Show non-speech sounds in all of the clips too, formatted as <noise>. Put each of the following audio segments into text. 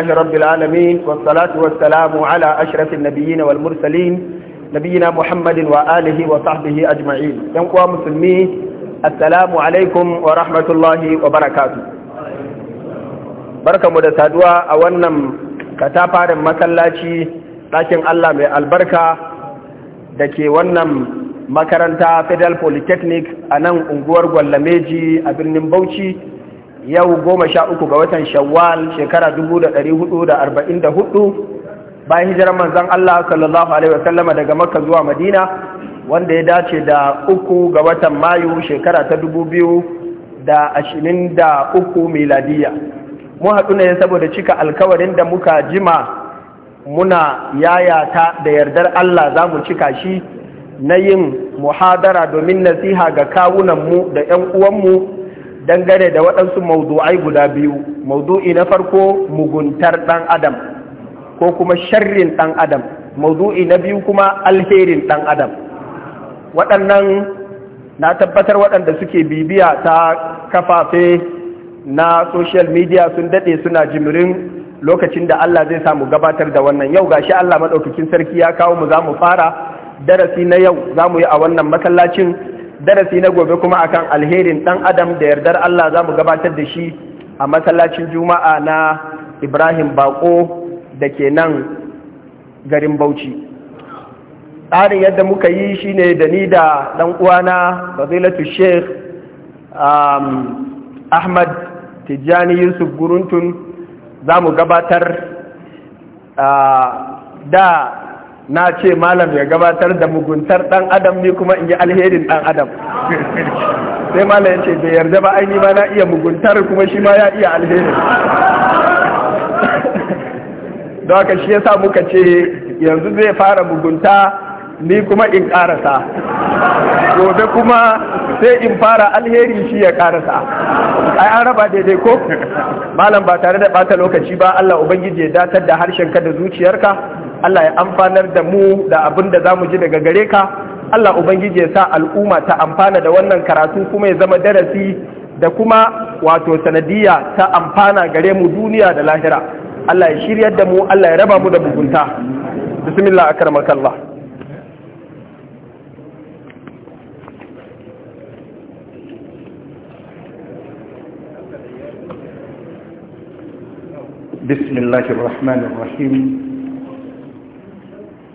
الله رب العالمين والصلاة والسلام على أشرف النبيين والمرسلين نبينا محمد وآله وصحبه أجمعين ينقوى مسلمي السلام عليكم ورحمة الله وبركاته بركة مدسادوة أولا كتابة مسلاتي لكن الله من البركة دكي ونم makaranta federal polytechnic أنا nan unguwar gwallameji a birnin yau goma sha uku ga watan shawwal shekara dubu da ɗari hudu da arba'in da hudu bayan hijirar manzan Allah sallallahu alaihi wasallama daga makka zuwa madina wanda ya dace da uku ga watan mayu shekara ta dubu biyu da ashirin da uku miladiya mu haɗu ne saboda cika alkawarin da muka jima muna yayata da yardar Allah za mu cika shi na yin muhadara domin nasiha ga kawunanmu da 'yan uwanmu dangane da waɗansu maudu'ai guda biyu maudu'i na farko muguntar ɗan adam ko kuma sharrin ɗan adam maudu'i na biyu kuma alherin ɗan adam waɗannan na tabbatar waɗanda suke bibiya ta kafafe na social media sun daɗe suna jimirin lokacin da Allah zai samu gabatar da wannan yau gashi Allah maɗaukakin sarki ya kawo mu za mu fara darasi na yau za mu yi a wannan masallacin darasi na gobe kuma akan alherin dan adam da yardar Allah za mu gabatar da shi a masallacin juma'a na ibrahim bako da ke nan garin bauchi tsarin yadda muka yi shi ne da ni da dan uwana fadilatu sheikh um, ahmad tijjani yusuf guruntun za mu gabatar uh, da na ce malam ya gabatar da muguntar dan adam ni kuma in yi alherin dan adam <laughs> sai malam ya ce bai yarda ba aini ma na iya muguntar kuma shi ma ya iya alherin <laughs> don haka shi yasa muka ce yanzu zai fara mugunta ni kuma in karasa <laughs> gobe kuma sai in fara alheri shi ya karasa ai an raba daidai ko malam ba tare da bata lokaci ba Allah ubangiji ya datar da harshen ka da zuciyarka Allah ya amfanar da mu da abin da za mu ji daga gare ka Allah Ubangiji ya sa al'umma ta amfana da wannan karatu kuma ya zama darasi da kuma wato sanadiyya ta amfana gare mu duniya da lahira Allah ya shiryar da mu Allah ya raba mu da mugunta bismillah akramakallah بسم الله الرحمن الرحيم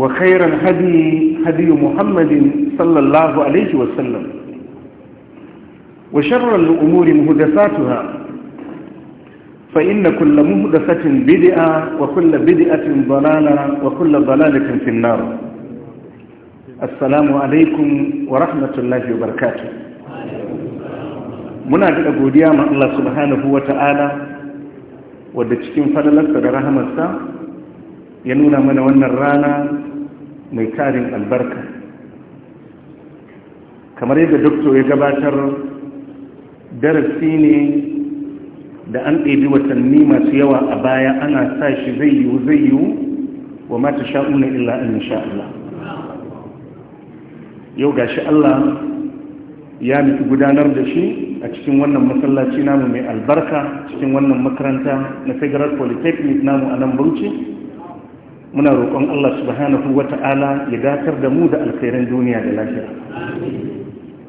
وخير الهدي هدي محمد صلى الله عليه وسلم وشر الأمور مهدساتها فإن كل مهدسة بدئة وكل بدئة ضلالة وكل ضلالة في النار السلام عليكم ورحمة الله وبركاته muna daɗa أبو ديام الله سبحانه وتعالى ta'ala wadda cikin fadalarsa da من ونرانا mai tarin albarka kamar yadda doktor ya gabatar darasi ne da an ɗebi watanni masu yawa a baya ana sa shi zai yiwu zai yiwu wa mata sha'una illa an sha Allah yau ga shi Allah ya nufi gudanar da shi a cikin wannan masallaci namu mai albarka cikin wannan makaranta na federal polytechnic namu a nan bauchi muna roƙon Allah subhanahu wa ta'ala ya dakar da mu da alkhairan duniya da lafiya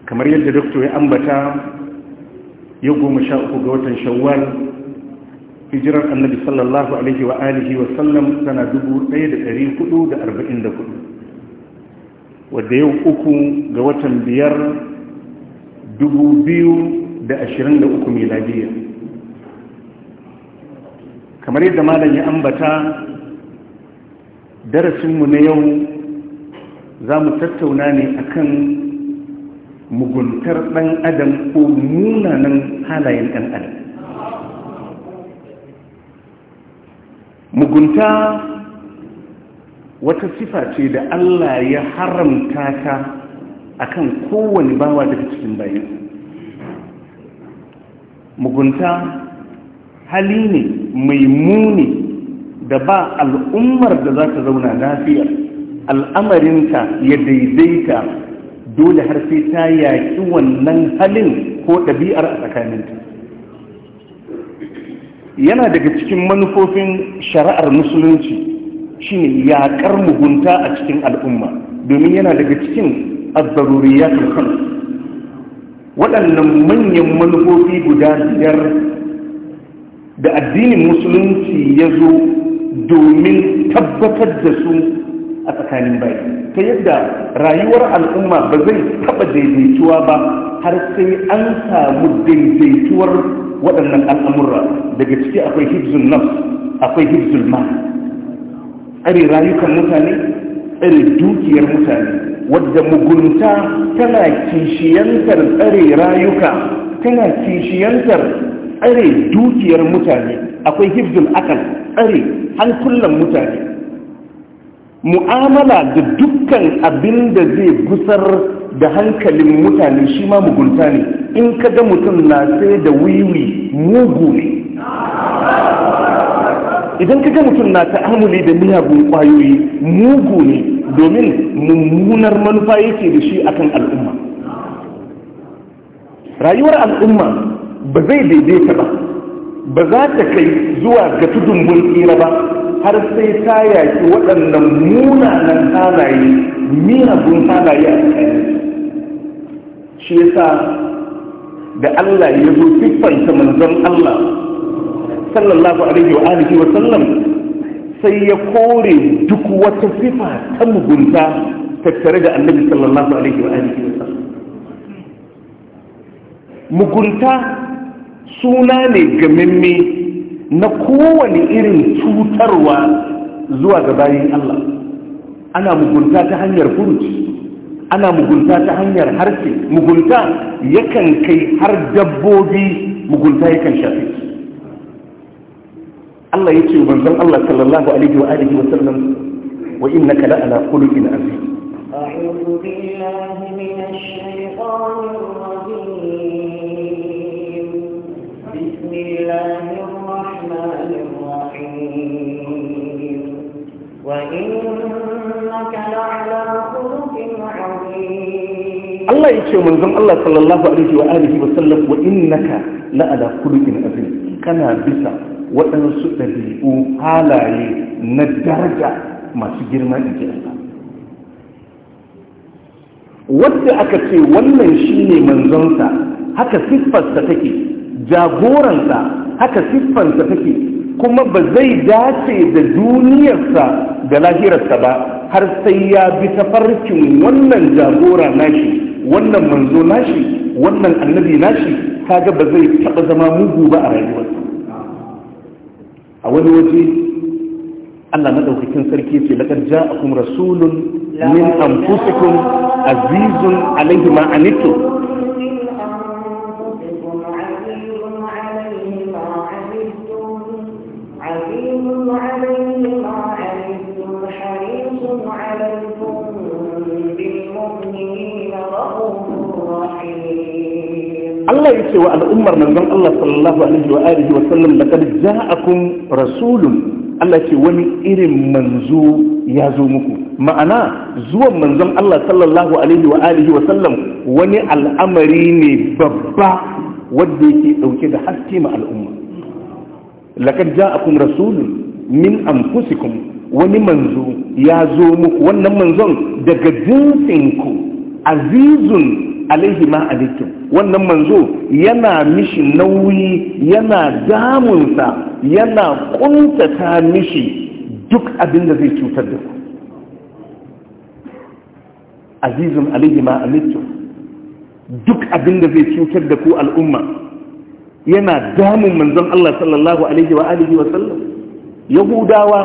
kamar yadda doktor ya ambata ya goma sha uku ga watan shawwal hijirar annabi sallallahu alaihi wa alihi wa sallam sana dubu ɗaya da ɗari hudu da arba'in da hudu wadda yau uku ga watan biyar dubu biyu da ashirin da uku miladiya kamar yadda malam ya ambata darasinmu na yau za mu tattauna ne akan muguntar ɗan adam ko munanan halayen ɗan adam mugunta wata sifa ce da allah ya haramta ta akan kowane bawa daga cikin bayan mugunta hali ne mai muni da ba al'ummar da za ta zauna lafiya al'amarinta ya daidaita dole har sai ta yaƙi wannan halin ko ɗabi'ar a tsakaninta yana daga cikin manufofin shari'ar musulunci shine yaƙar mugunta a cikin al'umma domin yana daga cikin azzaruriyatul khamsa waɗannan manyan manufofi guda biyar da addinin musulunci ya zo domin tabbatar da su a tsakanin baya. ta yadda rayuwar al'umma ba zai taɓa daidaituwa ba har sai an samu daidaituwar waɗannan al'amura. daga ciki akwai hibzul nafs akwai hibzul ma tsare rayukan mutane tsare dukiyar mutane wadda mugunta tana kishiyantar tsare rayuka tana kishiyantar tsare dukiyar mutane akwai hibzul akal tsare hankulan mutane mu'amala da dukkan abin da zai gusar da hankalin mutane shi ma mugunta ne in ka ga mutum na sai da wiwi mugu ne idan ka ga mutum na ta'amuli da miyagun kwayoyi mugu ne domin mummunar manufa yake da shi akan al'umma rayuwar al'umma ba zai daidaita ba ba za ta kai zuwa ga tudun mulki na ba har sai ta yaki waɗannan munanan halaye miyagun halaye a cikin shi yasa da Allah ya zo siffanta manzon Allah sallallahu alaihi wa alihi wa sallam sai ya kore duk wata sifa ta mugunta tattare da annabi sallallahu alaihi wa alihi wa sallam mugunta suna ne gamimme na kowane irin cutarwa zuwa ga bayan Allah ana mugunta ta hanyar furuci ana mugunta ta hanyar harshe mugunta yakan kai har dabbobi mugunta yakan shafi, Allah ya ce manzon Allah sallallahu alaihi wa alihi wa sallam wa innaka la ala khuluqin azim a'udhu billahi minash shaitanir rajim الله الرحمن الرحيم وإنك لعلى خلق عظيم الله يشهد من ذنب الله صلى الله عليه وآله وسلم وإنك waɗansu ɗabi'u halaye na daraja masu girma a ji wadda aka ce wannan shine manzonsa haka siffarsa take jagoransa haka siffansa take kuma ba zai dace da duniyarsa da lahirarsa ba har sai ya bi tafarkin wannan jagora nashi wannan manzo nashi wannan annabi nashi kaga ba zai taɓa zama mugu ba a rayuwarsa a wani waje Allah madaukakin sarki ce a ja'akum rasulun min anfusikum azizun alaihi ma anittum Allah ya ce wa al'ummar manzon Allah sallallahu alaihi wa alihi wa sallam rasulun Allah ce wani irin manzo ya zo muku ma'ana zuwan manzon Allah sallallahu alaihi wa alihi wa sallam wani al'amari ne babba wanda yake ɗauke da haske ma al'umma laqad ja'akum rasulun min wani manzo ya zo muku wannan manzon daga jinsinku azizun alaihi ma alaikum wannan manzo yana mishi nauyi yana damunsa yana kuntata mishi duk abin da zai cutar da ku azizun alaihi ma alaikum duk abin da zai cutar da ku al'umma yana damun manzon Allah sallallahu alaihi wa alihi wa sallam yahudawa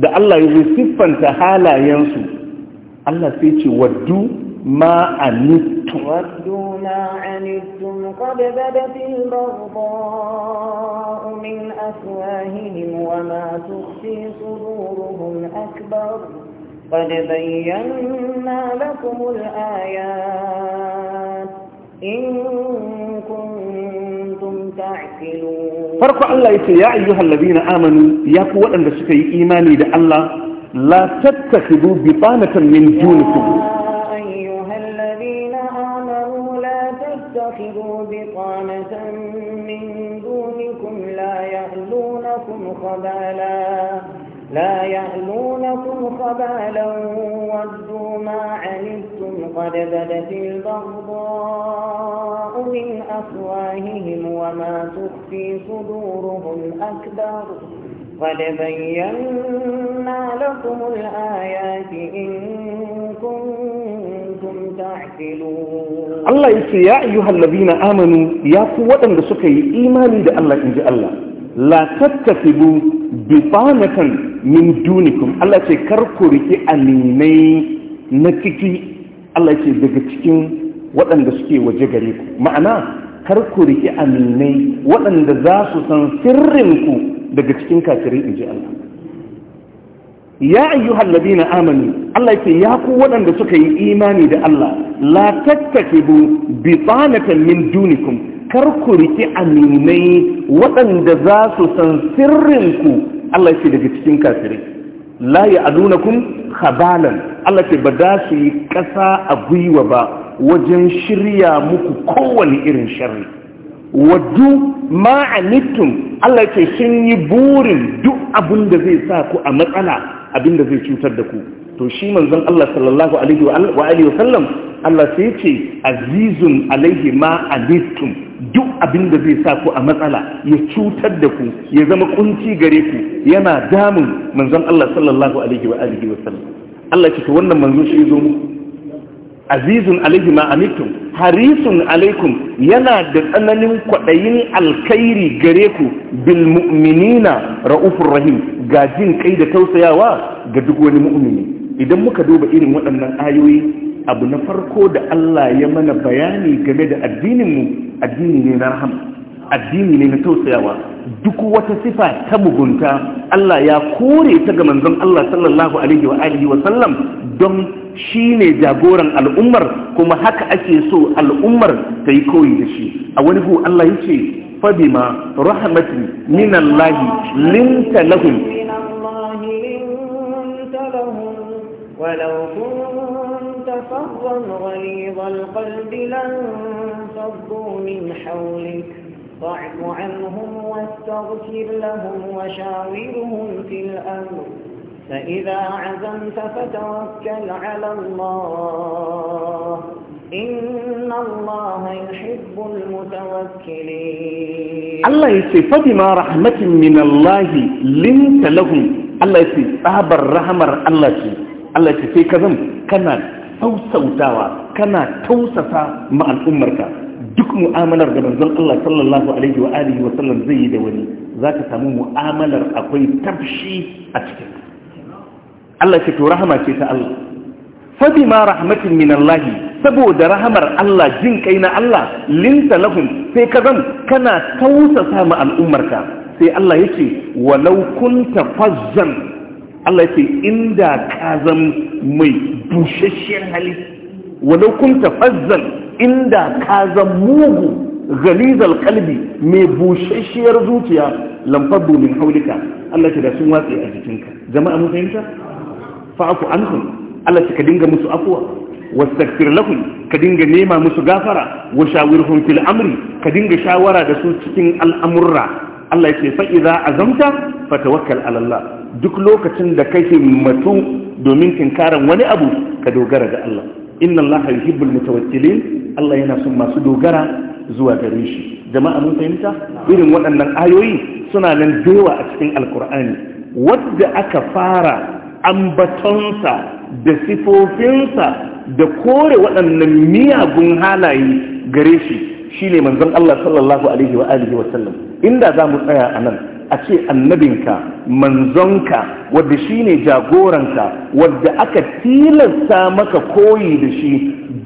da Allah ya siffanta halayensu Allah sai ce waddu ma anittu ودوا ما عنتم قد بدت البغضاء من أفواههم وما تخفي صدورهم أكبر قد بينا لكم الآيات إن كنتم تعقلون فرق الله يقول يا أيها الذين آمنوا يا قوة أن تشكي إيماني لأن لا تتخذوا بطانة من دونكم خبالا لا يألونكم خبالا ودوا ما عنتم قد بدت البغضاء من أفواههم وما تخفي صدورهم أكبر قد بينا لكم الآيات إن كنتم تعقلون الله يقول يا أيها الذين آمنوا يا قوة لسكي إيماني ده الله إن الله la tattakibu bibanatan min dunikum Allah ce kar ku riki alimai na ciki Allah ce daga cikin waɗanda suke waje gare ku ma'ana kar ku riki aminai waɗanda za su san sirrinku daga cikin kafirai in ji Allah ya ayyuhal na amani. Allah yake ya ku waɗanda suka yi imani da Allah la tattakibu bitanatan min dunikum karku riki aminai waɗanda za su san sirrinku Allah ce daga cikin kafirai la ya adunakum khabalan Allah ce ba za su yi ƙasa a gwiwa ba wajen shirya muku kowane irin sharri waddu ma'anittum Allah ce sun yi burin duk abin da zai sa ku a matsala abin da zai cutar da ku to shi manzon Allah sallallahu alaihi wa alihi wa sallam Allah sai ce azizun alaihi ma duk abin da zai sa ku a matsala ya cutar da ku ya zama kunci gare ku yana damun manzon Allah sallallahu alaihi wa alihi wa sallam Allah ya ce wannan manzo shi zo mu azizun alaihi ma amitum harisun alaikum yana da tsananin kwadayin alkhairi gare ku bil mu'minina raufur rahim ga jin kai da tausayawa ga duk wani mu'mini idan muka duba irin waɗannan ayoyi abu na farko da Allah ya mana bayani game da addininmu addini ne na rahama addini ne na tausayawa duk wata sifa ta mugunta Allah ya kore ta ga manzon Allah sallallahu alaihi wa alihi wa sallam don shi ne jagoran al'ummar kuma haka ake so al'ummar ta yi koyi da shi a wani hu Allah ya ce fabima rahmatin min Allah linta lahum عفوا غليظ القلب فضوا من حولك فاعف عنهم واستغفر لهم وشاورهم في الأمر فإذا عزمت فتوكل على الله إن الله يحب المتوكلين الله يسي ما رحمة من الله لنت لهم الله يسي أهب الرحمة الله يسي Allah ce sai sausautawa kana tausasa ma al'ummarka duk mu'amalar da manzon Allah sallallahu alaihi wa alihi wa sallam zai yi da wani zaka samu mu'amalar akwai tafshi a cikin Allah ce to rahama ce ta Allah rahmatin min Allah saboda rahamar Allah jin kai na Allah linta lahum sai ka zan kana tausasa ma al'ummarka sai Allah yake walau kunta fazzan Allah ya ce inda ka zam mai bushashiyar hali walau kun tafazzal inda ka zam mugu ghalizal qalbi mai bushashiyar zuciya lamfaddu domin haulika Allah ya da sun watsi a jikinka jama'a mun fahimta fa'fu anhum Allah ya ka dinga musu afuwa, afwa واستغفر ka dinga nema musu gafara wa shawirhum fil amri ka dinga shawara da su cikin al'amurra Allah ya yake fa idza azamta fatawakkal ala Allah duk lokacin da kake matu domin tinkaran wani abu ka dogara ga Allah inna Allah yuhibbul mutawakkilin Allah yana son masu dogara zuwa gare shi jama'a mun fahimta irin waɗannan ayoyi suna nan dewa a cikin alkur'ani wadda aka fara ambatonsa da sifofinsa da kore waɗannan miyagun halaye gare shi Shi ne manzon Allah sallallahu alaihi wa alihi wa sallam inda za mu tsaya a nan a ce annabinka manzonka wadda shi ne jagoranka wadda aka tilasta maka koyi da shi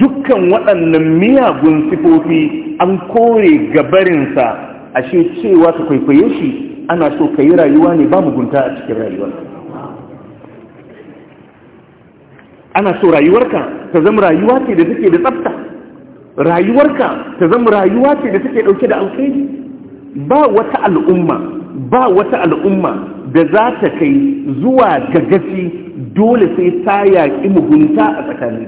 dukkan waɗannan miyagun sifofi an kore gabarinsa a ashe cewa ka kwaikwaye shi ana so ka yi rayuwa ne ba mugunta a cikin rayuwar ana so rayuwarka ta zama rayuwa ce da take da tsafta rayuwarka ta zama rayuwa ce da take dauke da alkhairi ba wata al'umma ba wata al'umma da za ta kai zuwa ga gaci dole sai ta yaƙi mugunta a tsakanin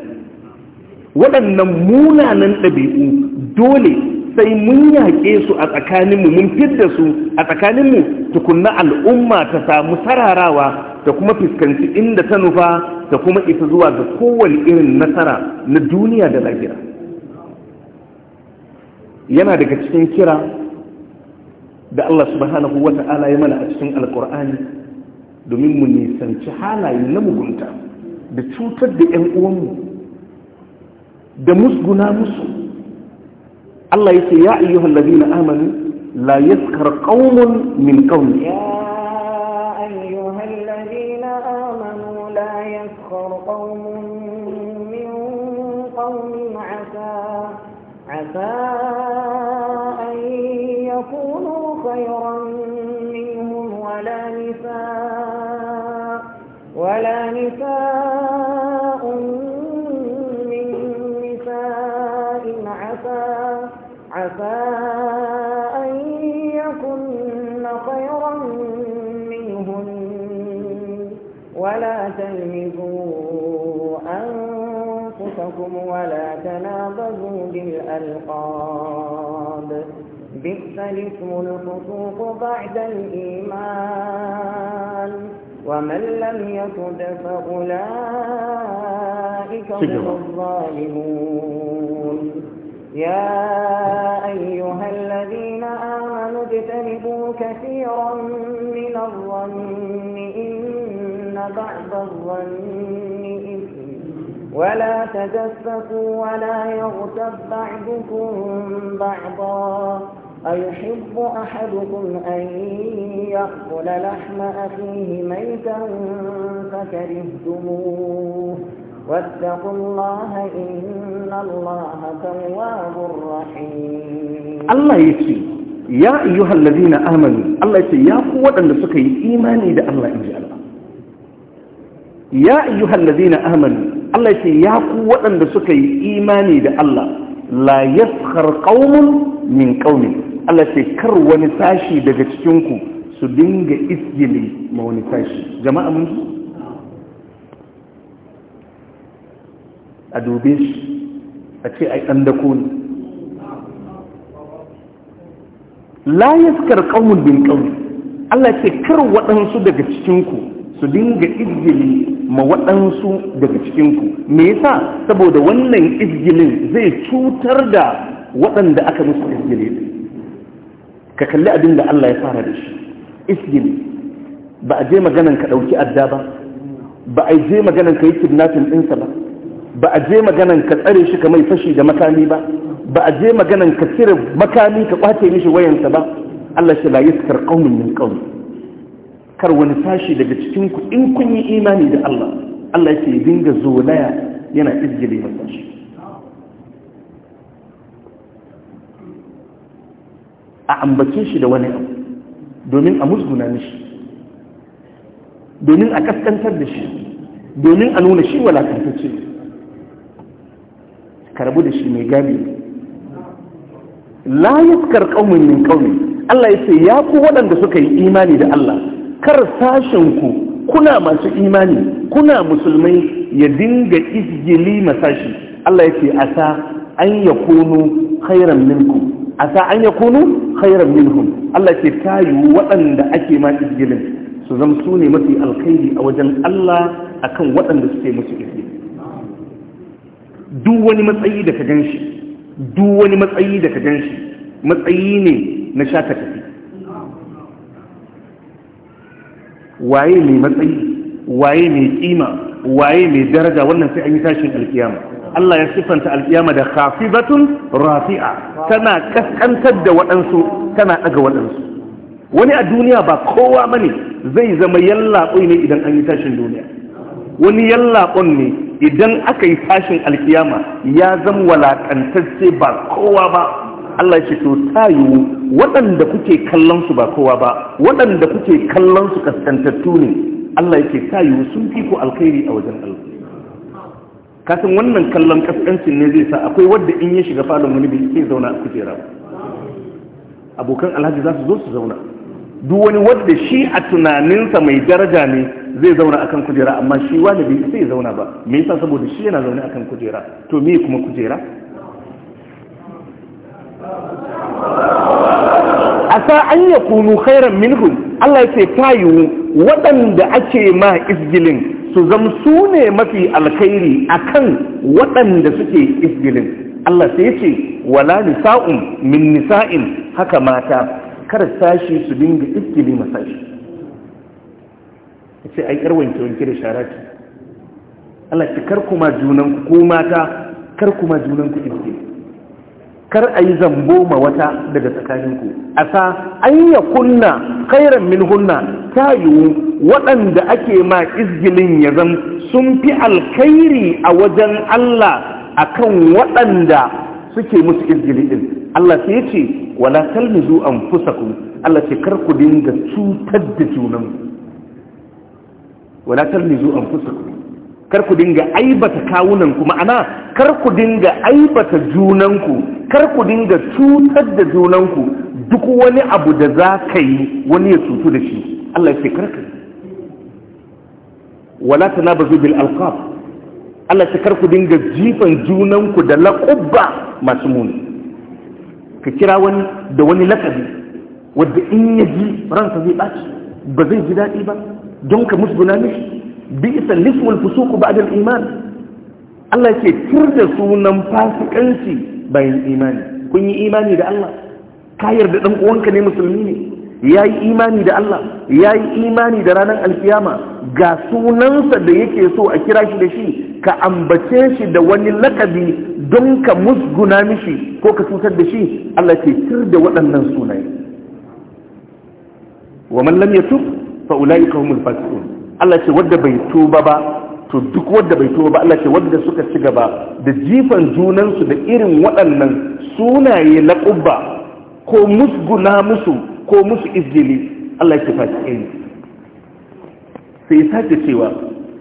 waɗannan munanan ɗabi'u dole sai mun yaƙe su a tsakaninmu mun fidda su a tsakaninmu tukunna al'umma ta samu sararawa ta kuma fuskanci inda ta nufa ta kuma isa zuwa ga kowane irin nasara na duniya da lahira. yana daga cikin kira da Allah subhanahu wa ta'ala ya mana a cikin alkur'ani domin mu nisanci halaye na mugunta da cutar da 'yan uwanmu da musguna musu Allah ya ce ya ayyuhal na amanu la yaskar qaumun min qaumi قوم من قوم بينكم ولا تنابذوا بالألقاب بئس الاسم الفسوق بعد الإيمان ومن لم يكد فأولئك هم الظالمون يا أيها الذين آمنوا اجتنبوا كثيرا من الظن إن بعض الظن ولا تجسسوا ولا يغتب بعضكم بعضا أيحب أحدكم أن يأكل لحم أخيه ميتا فكرهتموه واتقوا الله إن الله تواب رحيم الله يكفي يا أيها الذين آمنوا الله يكفي يا قوة أن تسكي إيماني الله إن الله ya ayyuhal ladina amanu Allah ce ya ku waɗanda suka yi imani da Allah la yaskhar qaumun min qaumin Allah ce kar wani sashi daga cikin ku su dinga isgili ma wani sashi jama'a mun a dube shi a ce ai dan dako ne la yaskhar qaumun min qaum Allah ce kar waɗansu daga cikin ku su dinga izgili ma waɗansu daga cikinku me yasa saboda wannan izgilin zai cutar da waɗanda aka musu izgili ka kalli abin da Allah ya fara da shi izgili ba a je maganan ka ɗauki adda ba ba a je maganan ka yi kidnapping ɗinsa ba ba a je maganan ka tsare shi ka mai fashi da makami ba ba a je maganan ka cire makami ka kwace mishi wayansa ba Allah shi la yaskar qaumin min qaumi kar wani sashi daga cikinku in kun yi imani da Allah Allah yake dinga zolaya yana izgile masa shi a ambace shi da wani abu domin a musguna mishi domin a kaskantar da shi domin a nuna shi walakantacce karbu da shi mai gami la yaskar qaumin min qaumi Allah yace ya ku waɗanda suka yi imani da Allah kar sashenku kuna masu imani kuna musulmai ya dinga isgili masashi Allah yake asa an kunu khairan minkum asa an kunu khairan minhum Allah yake tayi waɗanda ake ma isgilin su zama su ne mafi alkhairi a wajen Allah akan waɗanda suke musu isgili duk wani matsayi da ka ganshi duk wani matsayi da ka ganshi matsayi ne na sha tafi waye mai matsayi waye mai kima waye mai daraja wannan sai an yi tashin alkiyama Allah ya siffanta alkiyama da khafidatun rafi'a tana kaskantar da waɗansu tana ɗaga waɗansu wani a duniya ba kowa bane zai zama yallaɓoi ne idan an yi tashin duniya wani yallaɓon ne idan aka yi tashin alkiyama ya zama walakantacce ba kowa ba Allah ya ce to ta yiwu waɗanda kuke kallon su ba kowa ba waɗanda kuke kallon su kaskantattu ne Allah yake sa yi sun fi ku alkhairi a wajen Allah kasan wannan kallon kaskancin ne zai sa akwai wadda in ya shiga falon wani bai ke zauna a kujera abokan alhaji za su zo su zauna duk wani wanda shi a tunaninsa mai daraja ne zai zauna akan kujera amma shi wani bai sai zauna ba me yasa saboda shi yana zaune akan kujera to me kuma kujera asa an ya kunu khairan minhum Allah ya ce ta yiwu waɗanda ake ma isgilin su zam su ne mafi alkhairi akan waɗanda suke isgilin Allah sai ce wala nisa'un min nisa'in haka mata kar sashi su dinga isgili masashi ce ai yar wanke wanke da sharati Allah ce kar kuma junan ku mata kar kuma junan ku isgili kar a yi zambo ma wata daga tsakaninku a sa an ya kunna kairan min hunna ta yiwu waɗanda ake ma izgilin ya zan sun fi alkhairi a wajen Allah akan waɗanda suke musu izgili ɗin Allah sai ce wala fusa ku Allah ce kar ku dinga cutar da junanku wala fusa ku kar ku dinga aibata kawunanku ma'ana kar ku dinga aibata junanku kar ku dinga cutar da junanku duk wani abu da za ka yi wani ya cutu da shi Allah ya ce karka wala ta nabazu bil alqab Allah ya kar ku dinga jifan junanku da laƙubba masu muni ka kira wani da wani lakabi wadda in ya ji ransa zai baci ba zai ji daɗi ba don ka musguna mishi bisa lismul fusuku ba al iman Allah ke turda sunan fasikanci bayan imani kun yi imani da Allah ka yarda dan uwanka ne musulmi ne yayi imani da Allah yayi imani da ranar alkiyama ga sunansa da yake so a kira shi da shi ka ambace shi da wani lakabi don ka musguna mishi ko ka cutar da shi Allah ke tur da waɗannan sunaye wa man lam yatub fa ulaika humul fasiqun Allah ce wadda bai tuba ba to duk wadda bai tuba ba Allah ce wadda suka ci gaba da jifan junansu da irin waɗannan sunaye na ƙubba ko musguna musu ko musu izgili Allah ce fasike ne sai sake cewa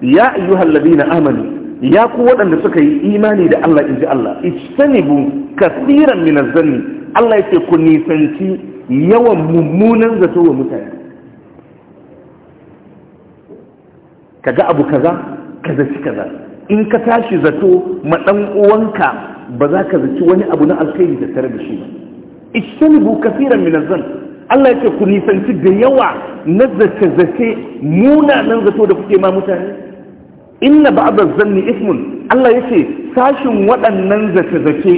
ya ayyuhal na amanu ya ku waɗanda suka yi imani da Allah inji Allah ijtanibu kasiran min zanni Allah ce ku nisanci yawan mummunan zato wa mutane ka ga abu kaza ka zaci kaza in ka tashi zato ma ɗan uwanka ba za ka zaci wani abu na alkhairi da tare da shi ba ijtanibu kaseeran min az-zann Allah ya ce ku nisanci da yawa na zace zace nan zato da kuke ma mutane inna ba'd az-zanni ismun Allah ya ce sashin waɗannan zace zace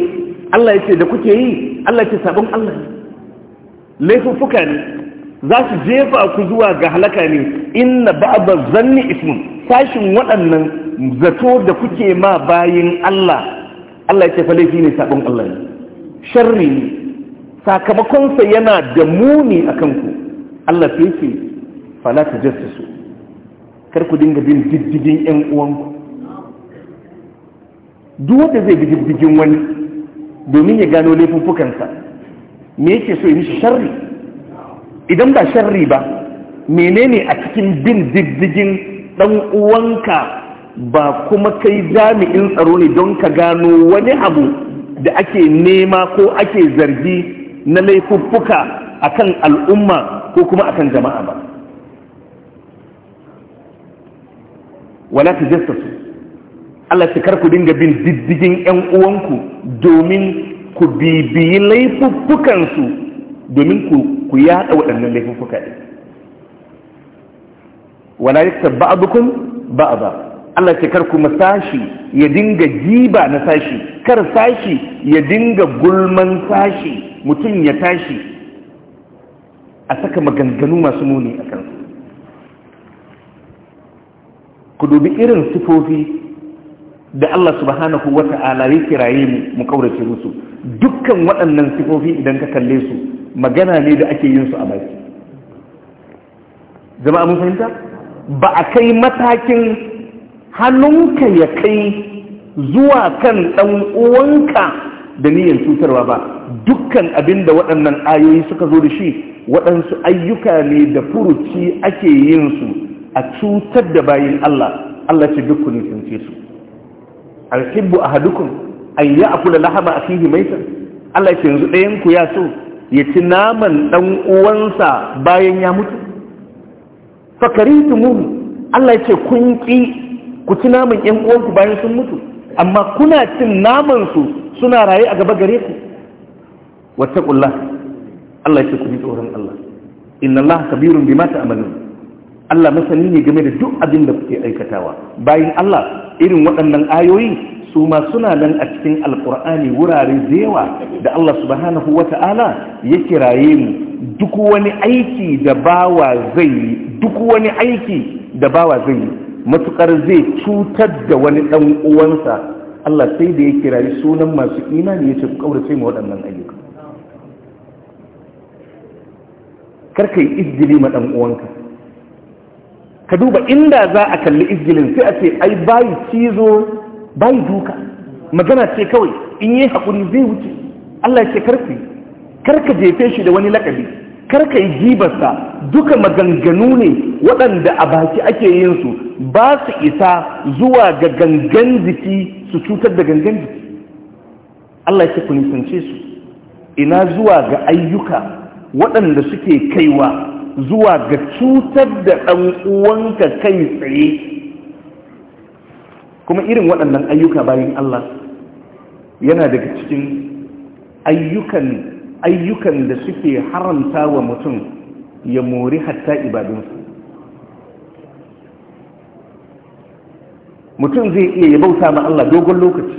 Allah ya ce da kuke yi Allah ya ce sabon Allah ne laifuffuka ne za su jefa ku zuwa ga halaka ne inna ba'da zanni ismun sashin waɗannan zato da kuke ma bayin Allah Allah ya ce laifi ne sabon Allah ne sharri ne sakamakonsa yana da muni a kanku Allah sai ce fala ta su. kar ku dinga bin diddigin ƴan uwanku duk wanda zai bi diddigin wani domin ya gano laifuffukansa me yake so ya mishi sharri idan ba sharri ba menene a cikin bin diddigin dan uwanka ba kuma kai jami'in tsaro ne don ka gano wani abu da ake nema ko ake zargi na laifuffuka akan al'umma ko kuma akan jama'a ba wala ta su Allah ta karku dinga bin diddigin 'yan uwanku domin ku bibiyi laifuffukansu domin ku yaɗa waɗannan laifuka ɗin wala yaktab ba'dukum ba'da Allah ce kar kuma sashi ya dinga jiba na sashi kar sashi ya dinga gulman sashi mutum ya tashi a saka maganganu masu muni a kansu ku dubi irin sifofi da Allah subhanahu wata'ala ya kiraye mu mu kaurace musu dukkan waɗannan sifofi idan ka kalle su magana ne da ake yin su a baki zama mun fahimta ba a kai matakin hannunka ya kai zuwa kan ɗan uwanka da niyyar cutarwa ba dukkan abin da waɗannan ayoyi suka zo da shi waɗansu ayyuka ne da furuci ake yin su a cutar da bayan Allah Allah ce ne sun ce su alhibbu ahadukum an Abu akula lahama a fihi sa, Allah ya ce yanzu ɗayan ku ya so ya ci naman ɗan uwansa bayan ya mutu fakaritumu Allah ya ce kun ƙi ku ci naman ɗan uwanku bayan sun mutu amma kuna cin naman su suna raye a gaba gare ku ƙulla? Allah ya ce ku ji tsoron Allah inna Allah kabirun bima ta'malun Allah masani ne game da duk abin da kuke aikatawa bayan Allah irin waɗannan ayoyi su ma suna nan a cikin alkur'ani wurare zewa yawa da Allah subhanahu ta'ala ya kiraye mu duk wani aiki da bawa zai yi duk wani aiki da bawa zai yi matukar zai cutar da wani dan uwansa Allah sai da ya kiraye sunan masu imani ya ce ku kaurace mu waɗannan ayyuka karka yi izgili ma dan uwanka ka duba inda za a kalli izgilin sai a ce ai bayi cizo bai duka magana ce kawai in yi haƙuri zai wuce Allah ce karfi karka jefe shi da wani lakabi karka yi jibarsa duka maganganu ne waɗanda a baki ake yin su ba su isa zuwa ga gangan jiki su cutar da gangan jiki Allah ce ku nisance su ina zuwa ga ayyuka waɗanda suke kaiwa zuwa ga cutar da ɗan uwanka kai tsaye kuma irin waɗannan ayyuka bayan Allah yana daga cikin ayyukan da suke haramta wa mutum ya mori hatta ibadunsa mutum zai iya bauta ma Allah dogon lokaci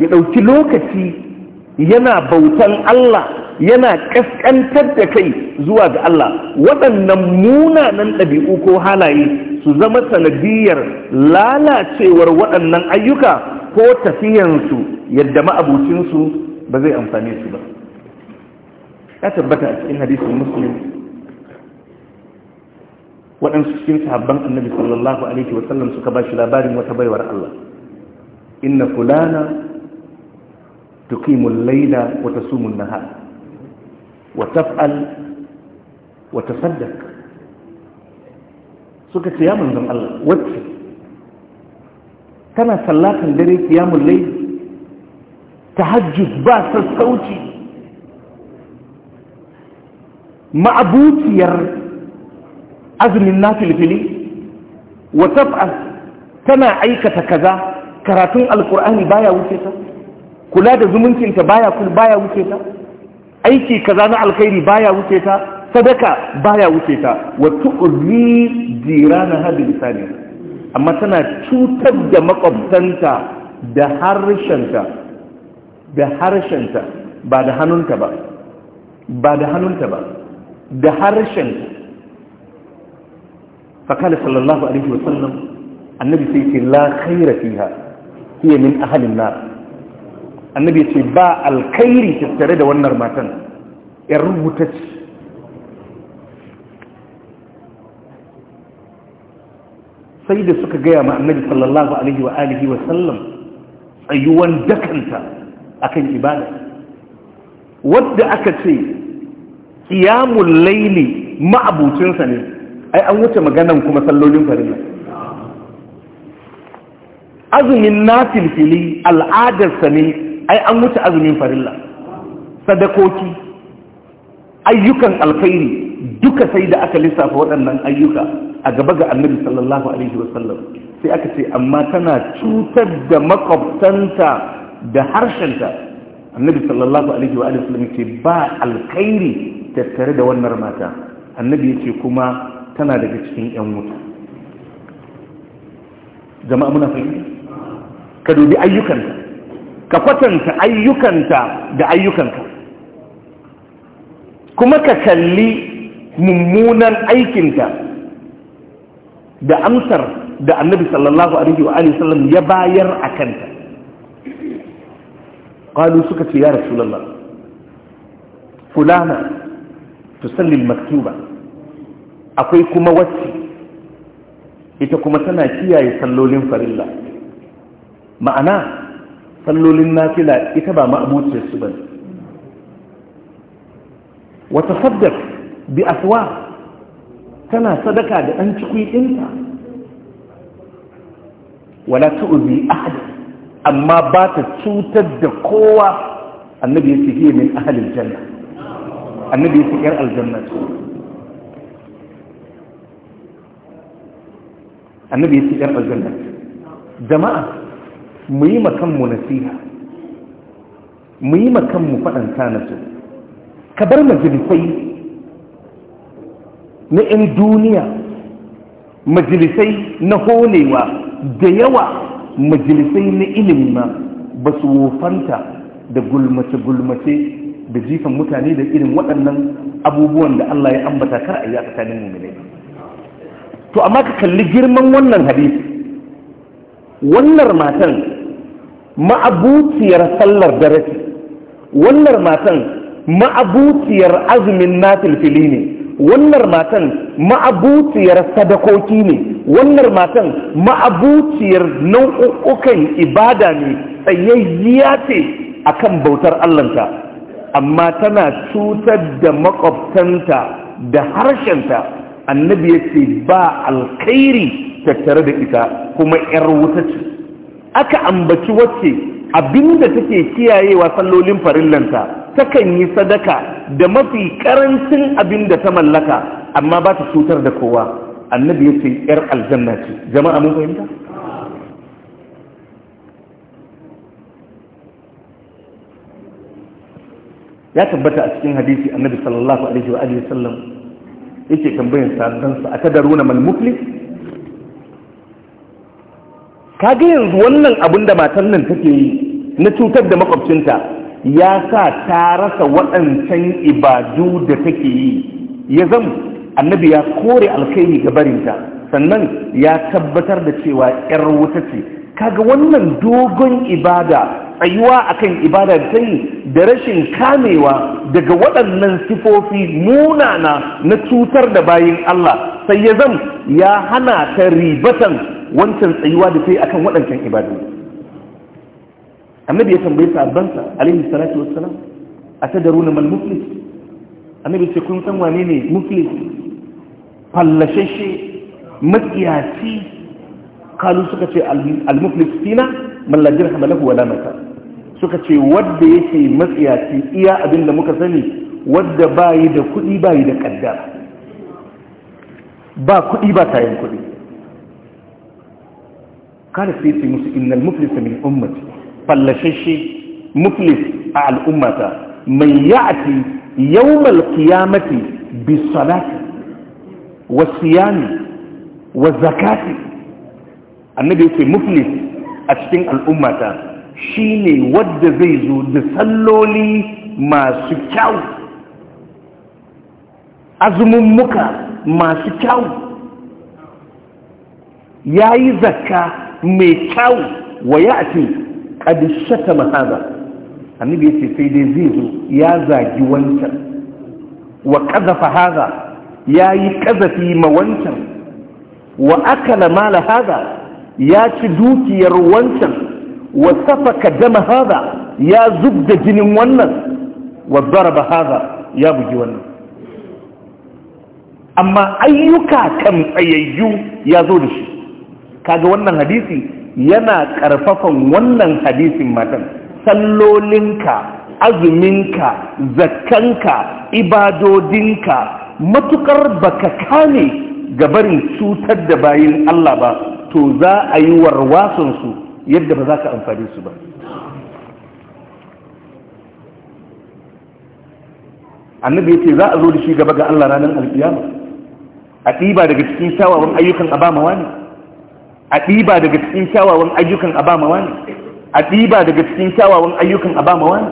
ya ɗauki lokaci yana bautan Allah yana ƙasƙantar da kai zuwa ga Allah waɗannan munanan ɗabi'u ko halaye su zama sanadiyar lalacewar waɗannan ayyuka ko tafiyansu yadda ma'abucinsu ba zai amfane su ba ya tabbata a cikin hadisin muslim waɗansu cikin sahabban annabi sallallahu alaihi wasallam suka ba shi labarin wata baiwar Allah inna fulana tuqimul laila wa tasumun nahar wa taf'al wata tasaddaq suka ce ya manzon Allah wacce tana sallatan dare kiyamul ta hajjus ba sassauci ma'abuciyar azumin na wa taf'al tana aikata kaza karatun alqur'ani baya wuce ta kula da zumuncinta baya baya wuce ta aiki kaza na alkhairi baya wuce ta sadaka baya wuce ta wa tu'ri jirana hadi lisani amma tana cutar da makwabtanta da harshenta da harshenta ba da hannunta ba ba da hannunta ba da harshenta fakala sallallahu alaihi wa sallam annabi sai ce la khaira fiha hiya min ahlin nar annabi ce ba alkhairi tattare da wannan matan yar rubuta ce sai da suka gaya ma annabi sallallahu alaihi wa alihi wa sallam tsayuwan dakanta akan ibada wadda aka ce qiyamul layli ma'abucinsa ne ai an wuce maganan kuma sallolin farilla azumin nafil fili al'adarsa ne ai an wuce azumin farilla sadakoki ayyukan alkhairi duka sai da aka lissafa waɗannan ayyuka a gaba ga annabi sallallahu alaihi wasallam sai aka ce amma tana cutar da makwabtanta da harshenta annabi sallallahu alaihi wa sallam ce ba alkhairi tattare da wannan mata annabi ya ce kuma tana daga cikin 'yan wuta jama'a muna fahimta ka dubi ayyukanta ka kwatanta ayyukanta da ayyukanka kuma ka kalli mummunan aikinta da amsar da annabi sallallahu alaihi wa sallam ya bayar a kanta ƙwalu suka ce ya rasulullah fulana tusalli maktuba akwai kuma wacce ita kuma tana kiyaye sallolin farilla ma'ana sallolin nafila ita ba ma'abuciyar su ba, wata saddaka bi aswa tana sadaka da ɗan ciki ɗinta wala tu'zi ahad amma ba ta cutar da kowa annabi ya yi min ahalin janna annabi ya ce yar aljanna annabi ya ce yar aljanna jama'a mu yi makanmu nasiha mu yi makanmu faɗan tanatu ka bar majalisai na 'yan duniya majalisai na holewa da yawa majalisai na ilimi ma ba su wofanta da gulmace-gulmace da jifan mutane da irin waɗannan abubuwan da Allah ya ambata kar a yi a tsakanin mummune to amma ka kalli girman wannan hadisi wannan matan ma'abuciyar sallar darasi, wannan matan ma'abuciyar azumin nafilfili ne wannan matan ma'abuciyar sadakoki ne wannan matan ma'abuciyar nau'ukan ibada ne tsayayya ce a kan bautar allanta amma tana cutar da makwabtanta da harshenta annabi ya ce ba alkhairi tattare da ita kuma 'yar wuta ce aka ambaci wacce abinda take kiyayewa sallolin farillanta takan yi sadaka da mafi karancin abin da ta mallaka amma ba ta cutar da kowa annabi ce yar aljanna ce jama'a mun fahimta ya tabbata a cikin hadisi annabi sallallahu alaihi wa alihi wasallam yake tambayar sa dan sa atadaruna mal muflis kaga yanzu wannan abin da matan nan take yi na cutar da makwabcinta ya sa ta rasa waɗancan ibadu da take yi ya zama annabi ya kore alkhairi ga barinta sannan ya tabbatar da cewa yar wuta ce kaga wannan dogon ibada tsayuwa akan ibada da yi da rashin kamewa daga waɗannan sifofi munana na cutar da bayin Allah sai ya zam ya hana ta ribatan wancan tsayuwa da sai akan waɗancan ibadu annabi ya tambaye sahabbansa alaihi salatu wassalam atadaruna mal muflis annabi ce kun san wane ne muflis fallashashe matsiyaci kalu suka ce al muflis fina man la dirham lahu wala mata suka ce wanda yake matsiyaci iya abinda muka sani wanda bayi da kuɗi bayi da kaddara ba kuɗi ba kayan kuɗi kada sai ce musu innal muflisa min ummati fallashashe muflis a al'ummata mai ya'ati yawmal qiyamati bi salati wa siyami wa zakati annabi yake muflis a cikin al'ummata shine wadda zai zo da salloli masu kyau azumin muka masu kyau yayi zakka mai kyau wa ya ce ƙadishata mahaza annabi ya ce sai dai zai zo ya zagi wancan wa ƙazafa haza ya yi ƙazafi ma wancan wa akala mala haza ya ci dukiyar wancan wa safaka dama haza ya zub da jinin wannan wa zaraba haza ya bugi wannan amma ayyuka kan tsayayyu ya zo da shi kaga wannan hadisi yana karfafan wannan hadisin matan sallolinka azuminka zakkanka ibadodinka matukar baka kame gabarin cutar da bayin Allah ba to za a yi su yadda ba za ka amfani su ba annabi ya ce za a zo da shi gaba ga Allah ranar alkiyama a ɗiba daga cikin shawarar ayyukan abamawa ne a ɗiba daga cikin kyawawan ayyukan a ba mawa ne a ɗiba daga cikin kyawawan ayyukan a ba mawa ne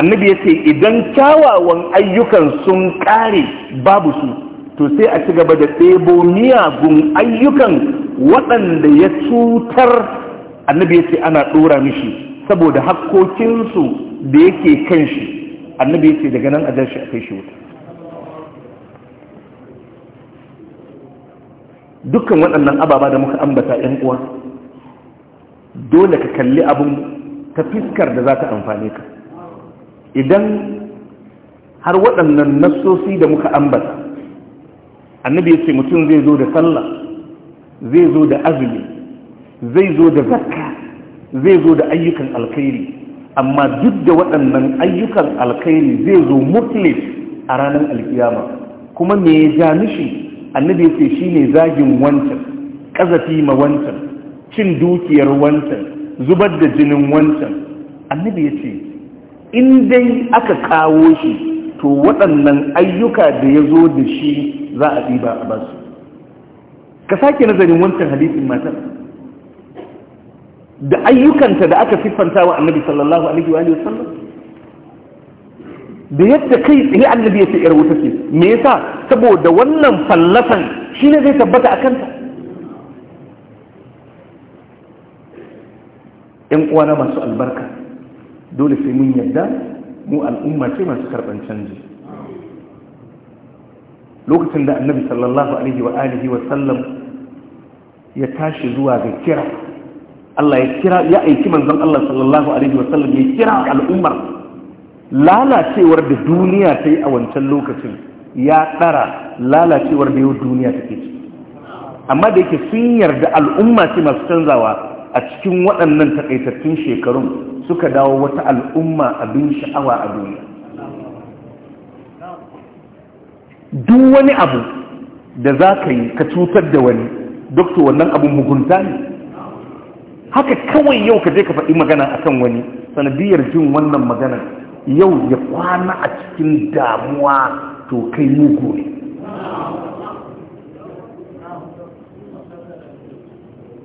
annabi ya ce idan kyawawan ayyukan sun ƙare babu su to sai a ci gaba da ɗebo miyagun ayyukan waɗanda ya cutar annabi ya ce ana ɗora mishi saboda hakkokinsu da yake kan shi annabi ya ce daga nan a jar a kai shi wuta dukkan waɗannan ababa da muka ambata ‘yan uwa dole ka kalli abin ta fiskar da za ta amfani ka idan har waɗannan nassosi da muka ambata annabi ya ce mutum zai zo da sallah zai zo da azumi zai zo da zakka zai zo da ayyukan alkhairi amma duk da waɗannan ayyukan alkhairi zai zo muflis a ranar alkiyama kuma me ya ja mishi annabi shi ne zagin wancan kazafi ma wancan cin dukiyar wancan zubar da jinin wancan annabi yace in dai aka kawo shi to waɗannan ayyuka da ya zo da shi za a ɗiba a basu ka sake nazarin wancan hadisin matar da ayyukanta da aka siffanta wa annabi sallallahu alaihi wa sallam da yadda kai tsaye annabi ya ce yar wuta ce me yasa saboda wannan fallasan ne zai tabbata a kanta yan uwana masu albarka dole sai mun yadda mu al'umma ce masu karban canji lokacin da annabi sallallahu alaihi wa alihi wa sallam ya tashi zuwa ga kira Allah ya kira ya aiki manzon Allah sallallahu alaihi wa sallam ya kira al'ummar lalacewar da duniya ta yi a wancan lokacin ya ɗara lalacewar da yau duniya take ke. amma da yake sun yarda al'umma ce masu canzawa a cikin waɗannan taƙaitattun shekarun suka dawo wata al'umma abin sha'awa a duniya duk wani abu da za ka yi ka cutar da wani dokta wannan abin mugunta ne haka kawai yau ka je ka faɗi magana akan wani sanadiyar jin wannan maganar. yau ya kwana a cikin damuwa to kai mugu ne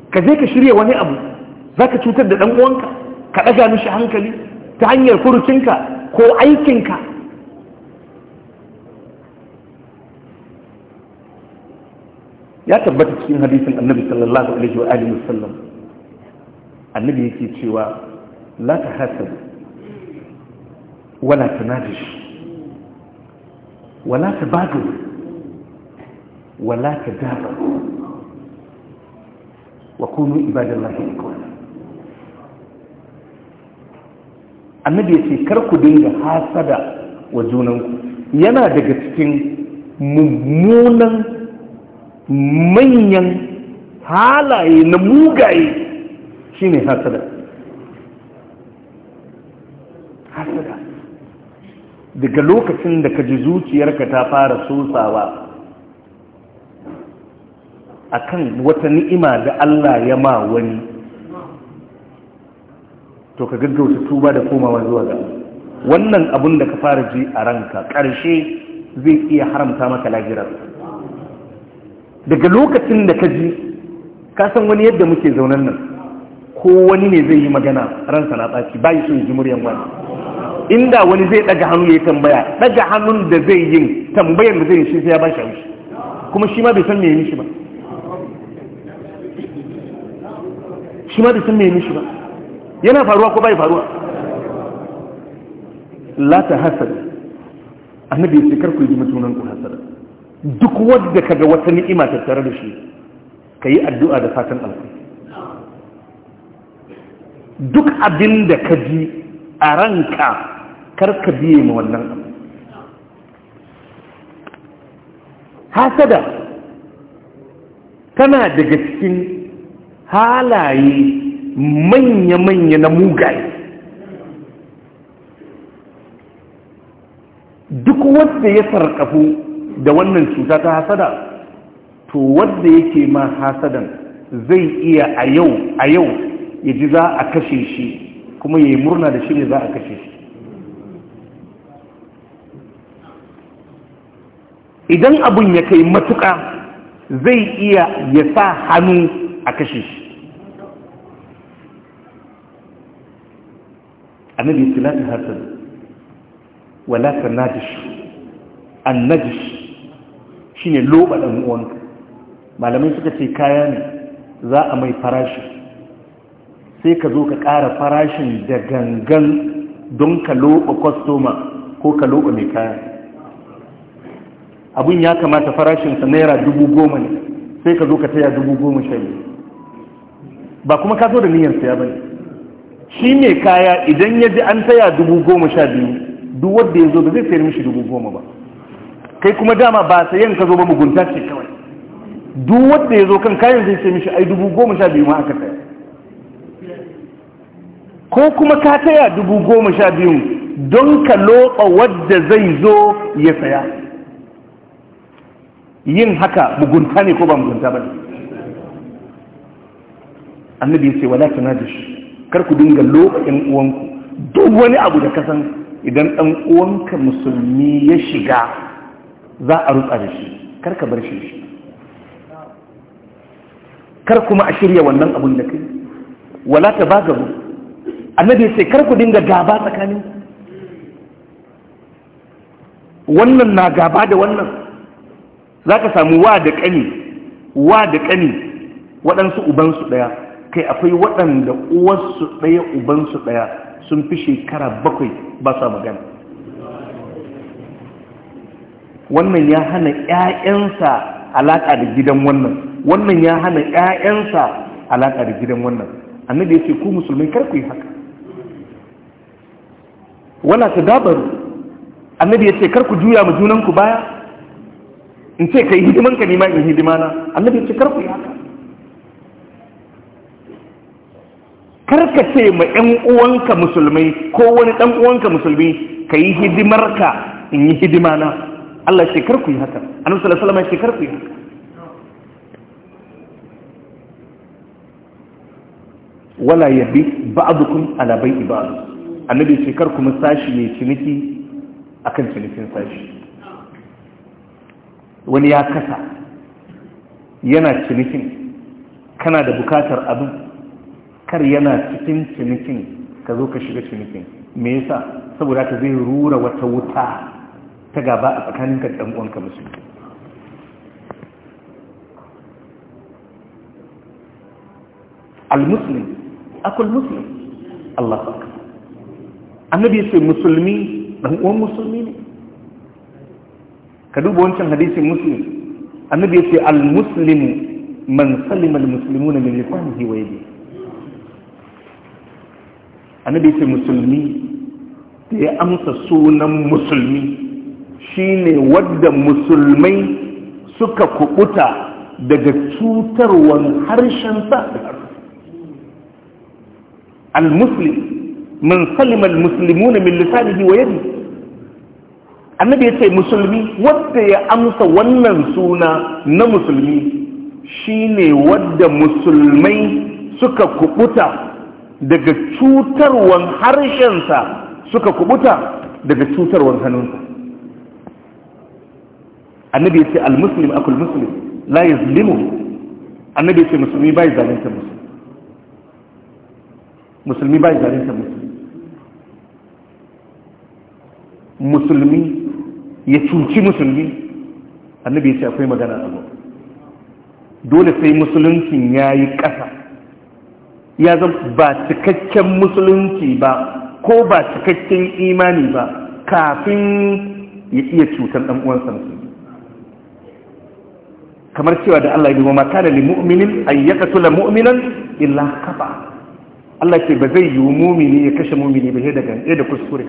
ka je ka shirya wani abu za ka cutar da ɗan uwanka ka ɗaga mishi hankali ta hanyar furucinka ko aikinka ya tabbata cikin hadisin annabi sallallahu alaihi wa alihi wasallam annabi yake cewa la ta hasadu wala tanajishu wala tabadu wala tadabaru wa kunu ibadallahi ikwana annabi ya ce kar ku dinga hasada wa junanku yana daga cikin mummunan manyan halaye na mugaye shine hasada hasada daga lokacin da ka ji zuciyarka ta fara sosawa a kan wata ni'ima da Allah ya ma wani to ka gaggauta tuba da komawa zuwa ga wannan abun da ka fara ji a ranka ƙarshe zai iya haramta maka lagirar daga lokacin da ka ji ka wani yadda muke zaunan nan ko wani ne zai yi magana ransa na tsaki bayi so ya ji muryan wani inda wani zai daga hannu ya tambaya daga hannun da zai yin tambayar da zai shi sai ya ba shi haushi kuma shi ma bai san yi shi ba shi ma bai san yi shi ba yana faruwa ko bai faruwa Lata ta hasad annabi sai karku kar ku yi mutunan ku hasada duk wanda kaga wata ni'ima tattare da shi kayi addu'a da fatan alkhairi duk abin da ka ji a ranka kar ka biye ma wannan abu hasada tana daga cikin halaye manya-manya na mugaye duk wanda ya sarkafu da wannan cuta ta hasada to wanda yake ma hasadan zai iya a yau a yau ya ji za a kashe shi kuma ya yi murna da shi ne za a kashe shi idan abin ya kai matuƙa zai iya ya sa hannu a kashe shi annabi salatu hasan wala ta najish an najish ne loba dan uwanka malamai suka ce kaya ne za a mai farashi sai ka zo ka ƙara farashin da gangan don ka loba kwastoma ko ka loba mai kaya Abin ya kamata farashinsa naira dubu goma ne sai ka zo ka taya dubu goma sha ba kuma ka zo da niyyar saya ba ne shi ne kaya idan ya ji an taya dubu goma sha biyu duk wanda ya zo ba zai sayar mishi dubu goma ba kai kuma dama ba sayan ka zo ba mugunta ce kawai duk wanda ya zo kan kayan zai sayar mishi ai dubu goma sha biyu ma aka taya, ko kuma ka taya dubu goma sha biyu don ka loɓa wadda zai zo ya saya yin haka mugunta ne ko ba mugunta ba ne annabi ya ce wala najis kar ku dinga loba ɗan uwanku duk wani abu da kasan idan ɗan uwanka musulmi ya shiga za a rutsa da shi kar ka bar shi kar kuma a shirya wannan abun da kai wala ta ba gabu annabi ya ce kar ku dinga gaba tsakanin wannan na gaba da wannan za ka samu wa da ƙani wa da ƙani waɗansu ubansu ɗaya kai akwai waɗanda uwarsu ɗaya ubansu ɗaya sun fi shekara bakwai ba sa magana wannan ya hana 'ya'yansa alaƙa da gidan wannan wannan ya hana 'ya'yansa alaƙa da gidan wannan annabi ya ce ku musulmai kar ku yi haka wala ta dabaru annabi ya ce kar ku juya ma junanku baya in ce yi hidiman ka nima in hidima na annabi ce kar ku yi haka kar ka ce ma ƴan uwanka musulmai ko wani ɗan uwanka musulmi ka yi hidimar ka in yi hidima na Allah ce kar ku yi haka annabi sallallahu alaihi wasallam ce kar ku yi haka wala yabi ba'dukum ala bai'i ba'd annabi ce karku kuma sashi ne ciniki akan cinikin sashi wani ya kasa yana cinikin kana da bukatar abin kar yana cikin cinikin ka zo ka shiga cinikin me yasa saboda ka zai rura wata wuta ta gaba a tsakanin tsakaninka dan uwanka musulmi al-muslim akul muslim Allah annabi ya ce musulmi uwan musulmi ne ka duba wancan hadisin muslim annabi ya ce al muslim man salima al-muslimuna min lisanihi wa yadihi annabi ya ce musulmi da ya amsa sunan musulmi shine wadda musulmai suka kubuta daga cutarwar harshensa al-muslim man salima al-muslimuna min lisanihi wa yadihi annabi ya ce musulmi wadda ya amsa wannan suna na musulmi shine wadda musulmai suka kubuta daga cutarwan harshensa suka kubuta daga cutarwan hannunsa annabi ya ce almuslim akul muslim la yazlimu annabi ya ce musulmi bai zalunta musulmi musulmi bai zalunta musulmi musulmi ya cuci musulmi annabi ya ce akwai magana a zo dole sai musuluncin ya yi ƙasa ya zama ba cikakken musulunci ba ko ba cikakken imani ba kafin ya iya cutar ɗan uwansa musulmi kamar cewa da Allah ya bima maka da mu'minin ayyaka tula mu'minan illa kafa Allah ce ba zai yi mumini ya kashe mumini ba da kuskure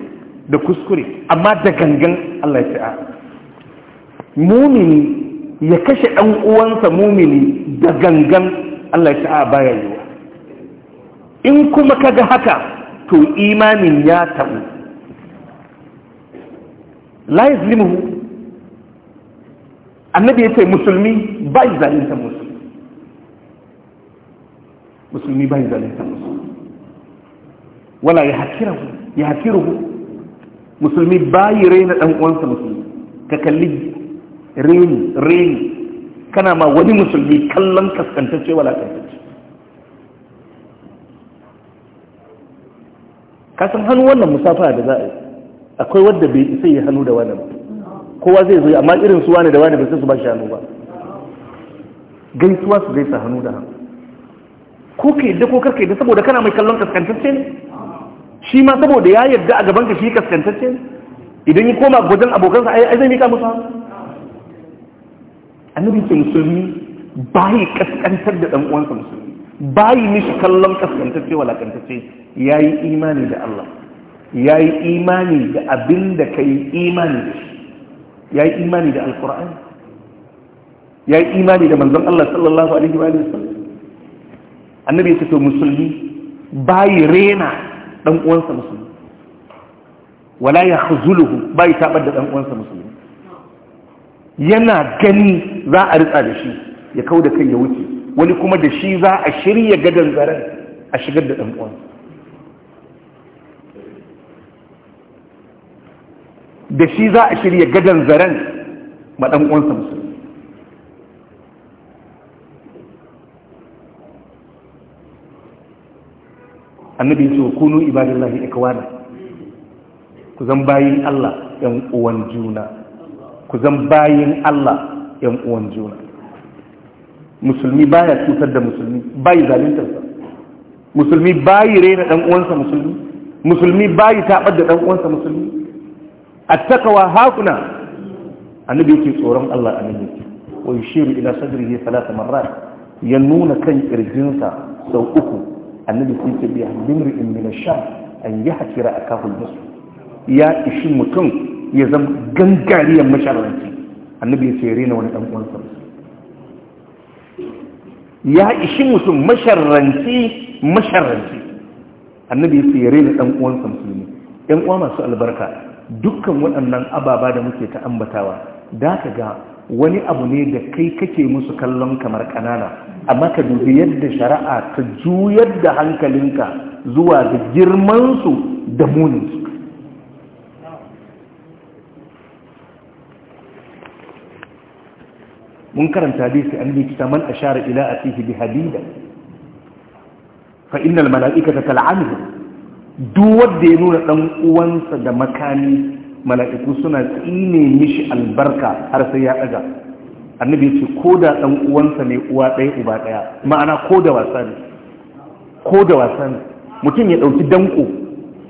da kuskure amma da gangan Allah ya ce a mumini ya kashe ɗan uwansa mumini da gangan Allah ya ce a baya yiwa in kuma ka ga haka to imanin ya tabu la yazlimuhu annabi ya ce musulmi ba yi zalunta musulmi musulmi yi zalunta musulmi wala ya hakiruhu musulmi bayi raina dan uwansa musulmi ka kalli raini raini kana ma wani musulmi kallon kaskantacce wala kaskantacce ka san hannu wannan musafa da za a yi akwai wadda bai isa yi hannu da wani kowa zai zo amma irin su wani da wani bai sai su ba shi hannu ba gaisuwa su gaisa hannu da hannu ko ka yadda ko karka yadda saboda kana mai kallon kaskantacce ne shi ma saboda ya yarda a gaban ka shi kaskantacce idan ya koma wajen abokansa ai zai mika musu annabi ke musulmi bayi kaskantar da dan uwansa musulmi bayi mishi kallon kaskantacce walakantacce yayi imani da Allah yayi imani da abin da kai imani da shi yayi imani da alqur'ani yayi imani da manzon Allah sallallahu alaihi wa sallam annabi ya ce to musulmi bayi rena dan uwansa musulmi wala ya khuzuluhu bai tabar da dan uwansa musulmi yana gani za a ritsa da shi ya kau da kai ya wuce wani kuma da shi za a shirya gadan zaren a shigar da dan uwansa da shi za a shirya gadan zaren ma dan uwansa musulmi annabi ya ce kunu ibadallahi ikwana ku zan bayin Allah yan uwan juna ku zan bayin Allah yan uwan juna musulmi baya cutar da musulmi bayi sa, musulmi bayi rena dan uwansa musulmi musulmi bayi tabar da dan uwansa musulmi attaqwa hakuna annabi yake tsoron Allah annabi yake wa yushiru ila sadrihi thalath marrat ya nuna kan irjinsa sau uku annabi sai ce biya dimri in min sha, an yi hakira a kafin musu ya ishi mutum ya zama gangariyar masharanci annabi ya ce rena wani dan ya ishi mutum masharanci masharanci annabi ya ce rena dan uwansa musulmi yan uwa masu albarka dukkan waɗannan ababa da muke ta ambatawa da ka ga wani abu ne da kai kake musu kallon kamar ƙanana amma ka dubi yadda shari'a ka juyar da hankalinka zuwa ga girmansu da muninsu mun karanta hadisi an yi kita man ashara ila atihi bi hadida fa innal mala'ikata tal'anhu duk wanda ya nuna dan uwansa da makami mala'iku suna tsine mishi albarka har sai ya daga annabi ya ce ko da ɗan uwansa ne uwa ɗaya uba ɗaya ma'ana ko da wasa ne ko da wasa ne mutum ya ɗauki danko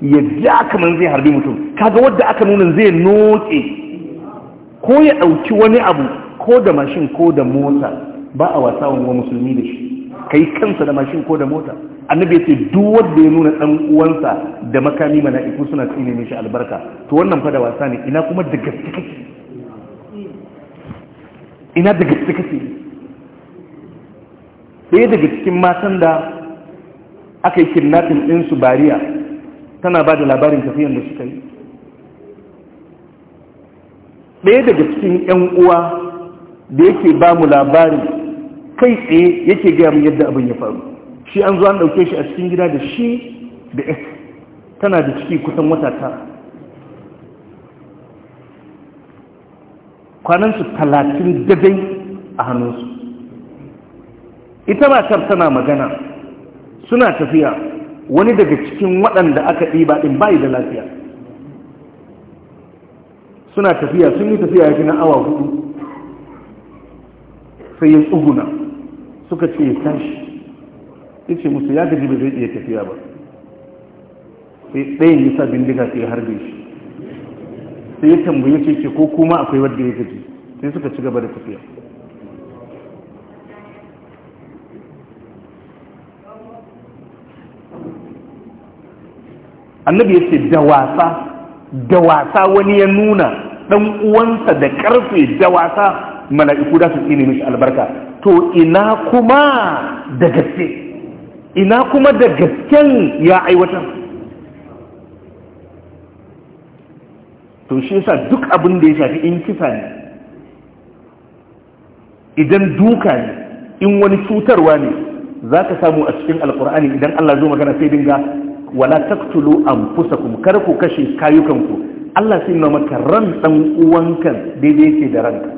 ya ja kamar zai harbi mutum kaga wadda aka nuna zai noke ko ya ɗauki wani abu ko da mashin ko da mota ba a wasa wani wa musulmi da shi kai kansa da mashin ko da mota annabi ya ce duk wanda ya nuna ɗan uwansa da makami mala'iku suna tsine mishi albarka to wannan fa da wasa ne ina kuma da gaske kake ina da gaske kake ɗaya daga cikin matan da aka yi kidnapping ɗinsu bariya tana ba da labarin tafiyan da suka yi ɗaya daga cikin 'yan uwa da yake ba mu labarin kai tsaye yake gaya mu yadda abin ya faru shi an zo an ɗauke shi a cikin gida da shi da tana da ciki kusan wata tara kwanansu talatin dabai a hannunsu ita matar tana magana suna tafiya wani daga cikin waɗanda aka ɗiba ɗin bayi da lafiya suna tafiya sun yi tafiya ya na awa hudu sai ya tsuguna suka ce ya tashi ya ce musu ya gaji ba zai iya tafiya ba sai ɗayan ya sa bindiga sai harbe shi sai ya tambaye ce ce ko kuma akwai wadda ya gaji sai suka ci gaba da tafiya annabi ya ce da wasa da wasa wani ya nuna dan uwansa da karfe da wasa mala'iku da su tsine mishi albarka to ina kuma da gaske ina kuma da gasken ya aiwatar to shi yasa duk abin da ya shafi in kisa ne idan duka ne in wani cutarwa ne za ka samu a cikin alkur'ani idan allah zo magana sai dinga wala taktulu an kuma kar ku kashe kayukanku allah sai nuna maka ran dan uwankan daidai yake da ranka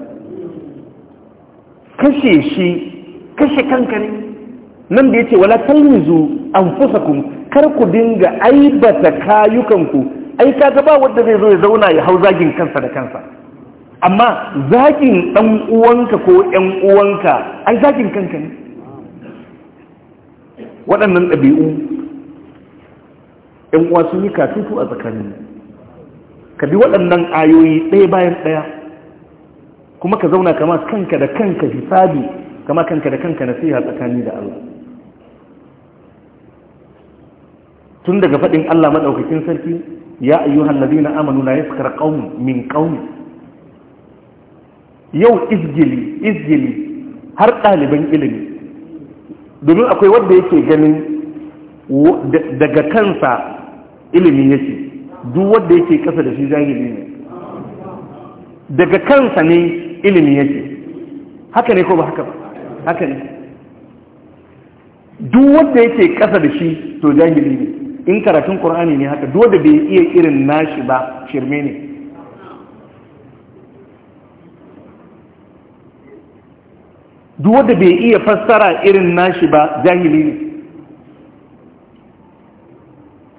kashe shi kashe kanka ne nan da ya ce wala talmizu kuma kar ku dinga aibata kayukanku ai kaga ba wanda zai zo ya zauna ya hau zagin kansa da kansa amma zagin ɗan uwanka ko ‘yan uwanka ai zagin kanka ne waɗannan ɗabi'u ‘yan uwa sun yi katutu a tsakanin ka bi waɗannan ayoyi ɗaya bayan ɗaya kuma ka zauna kama kanka da kanka hisabi kama kanka da kanka nasiha tsakani da Allah tun daga faɗin Allah maɗaukakin sarki ya ayyuhan na amanu ya fukar ƙaunin min ƙaunin yau izgili izgili har ɗaliban ilimi domin akwai wanda yake ganin daga kansa ilimi yake duk wanda yake kasa da shi jahili ne daga kansa ne ilimi yake haka ne ko ba haka ba haka ne duk wanda yake kasa da shi to jahili ne in karatun ƙorani ne haka dole bai iya irin nashi ba shirme ne dole bai iya fassara irin nashi ba jahili ne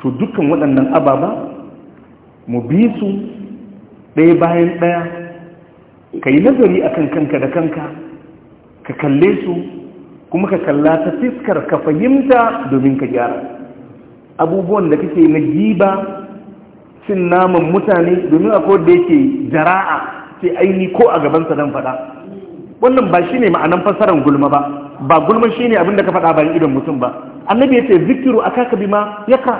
to dukkan waɗannan ababa mu bi su ɗaya bayan ɗaya ka yi nazari a kan kanka da kanka ka kalle su kuma ka kalla ta fiskar ka fahimta domin ka gyara abubuwan da kake na giba cin naman mutane domin kowar da yake jara'a sai aini ko a gabansa don faɗa wannan ba shi ne ma'anan fassarar gulma ba ba gulma shi ne abinda ka faɗa bayan idon mutum ba annabi ya ce zikiru a kaka bi ma ya ka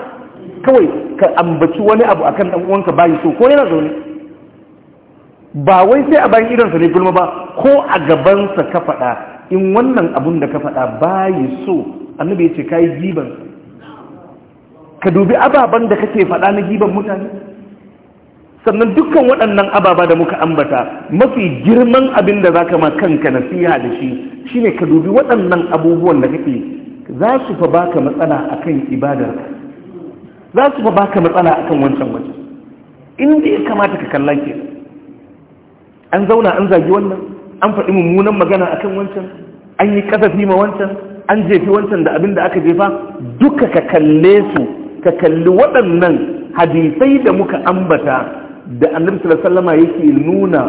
kawai ka ambaci wani abu akan ɗan uwanka bayi so ko yana zaune ba wai sai a bayan idonsa ne gulma ba ko a gabansa ka faɗa in wannan abin da ka fada bayi so annabi ya ce ka yi jibansa ka dubi ababen da kake faɗa na giban mutane sannan dukkan waɗannan ababa da muka ambata mafi girman abin da za ka ma kanka siya da shi shine ka dubi waɗannan abubuwan da kake za su fa ba ka matsala akan ibadar za su fa ba ka matsala akan wancan waje inda ya kamata ka kalla ke an zauna an zagi wannan an faɗi mummunan magana akan wancan an yi kasafi ma wancan an jefi wancan da abin da aka jefa duka ka kalle su ka kalli waɗannan hadisai da muka ambata da annabi sallallahu yake nuna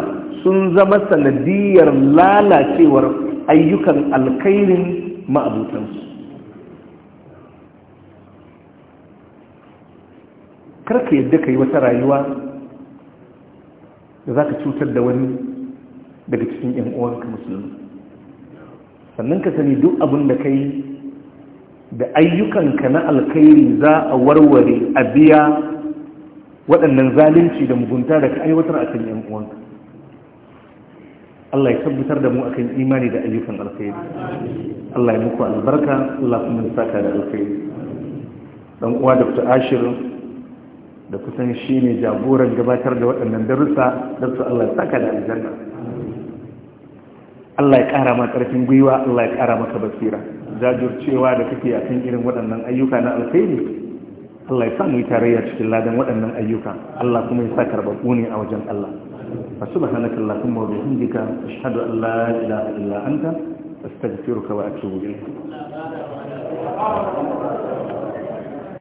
sun zama sanadiyar lalacewar ayyukan alkhairin Kar ka yadda ka yi wata rayuwa da za ka cutar da wani daga cikin 'yan uwanka musulmi sannan ka sani duk abin da ka yi da ayyukanka na alkhairi za a warware a biya waɗannan zalunci da mugunta da ka aiwatar a kan yan uwanka Allah ya tabbatar da mu akan imani da ayyukan alkhairi Allah ya muku albarka Allah kuma ya saka da alkhairi dan uwa Dr. Ashir da kusan shi ne jagoran gabatar da waɗannan darussa su Allah ya saka da aljanna Allah ya ƙara ma ƙarfin gwiwa Allah ya ƙara maka basira jajircewa da kake a kan irin waɗannan ayyuka na alkhairi Allah ya sa mu yi tarayya cikin ladan waɗannan ayyuka Allah kuma ya sa karɓaɓɓu ne a wajen Allah fa subhanaka allahumma wa bihamdika ashhadu an la ilaha illa anta astaghfiruka wa atubu ilayk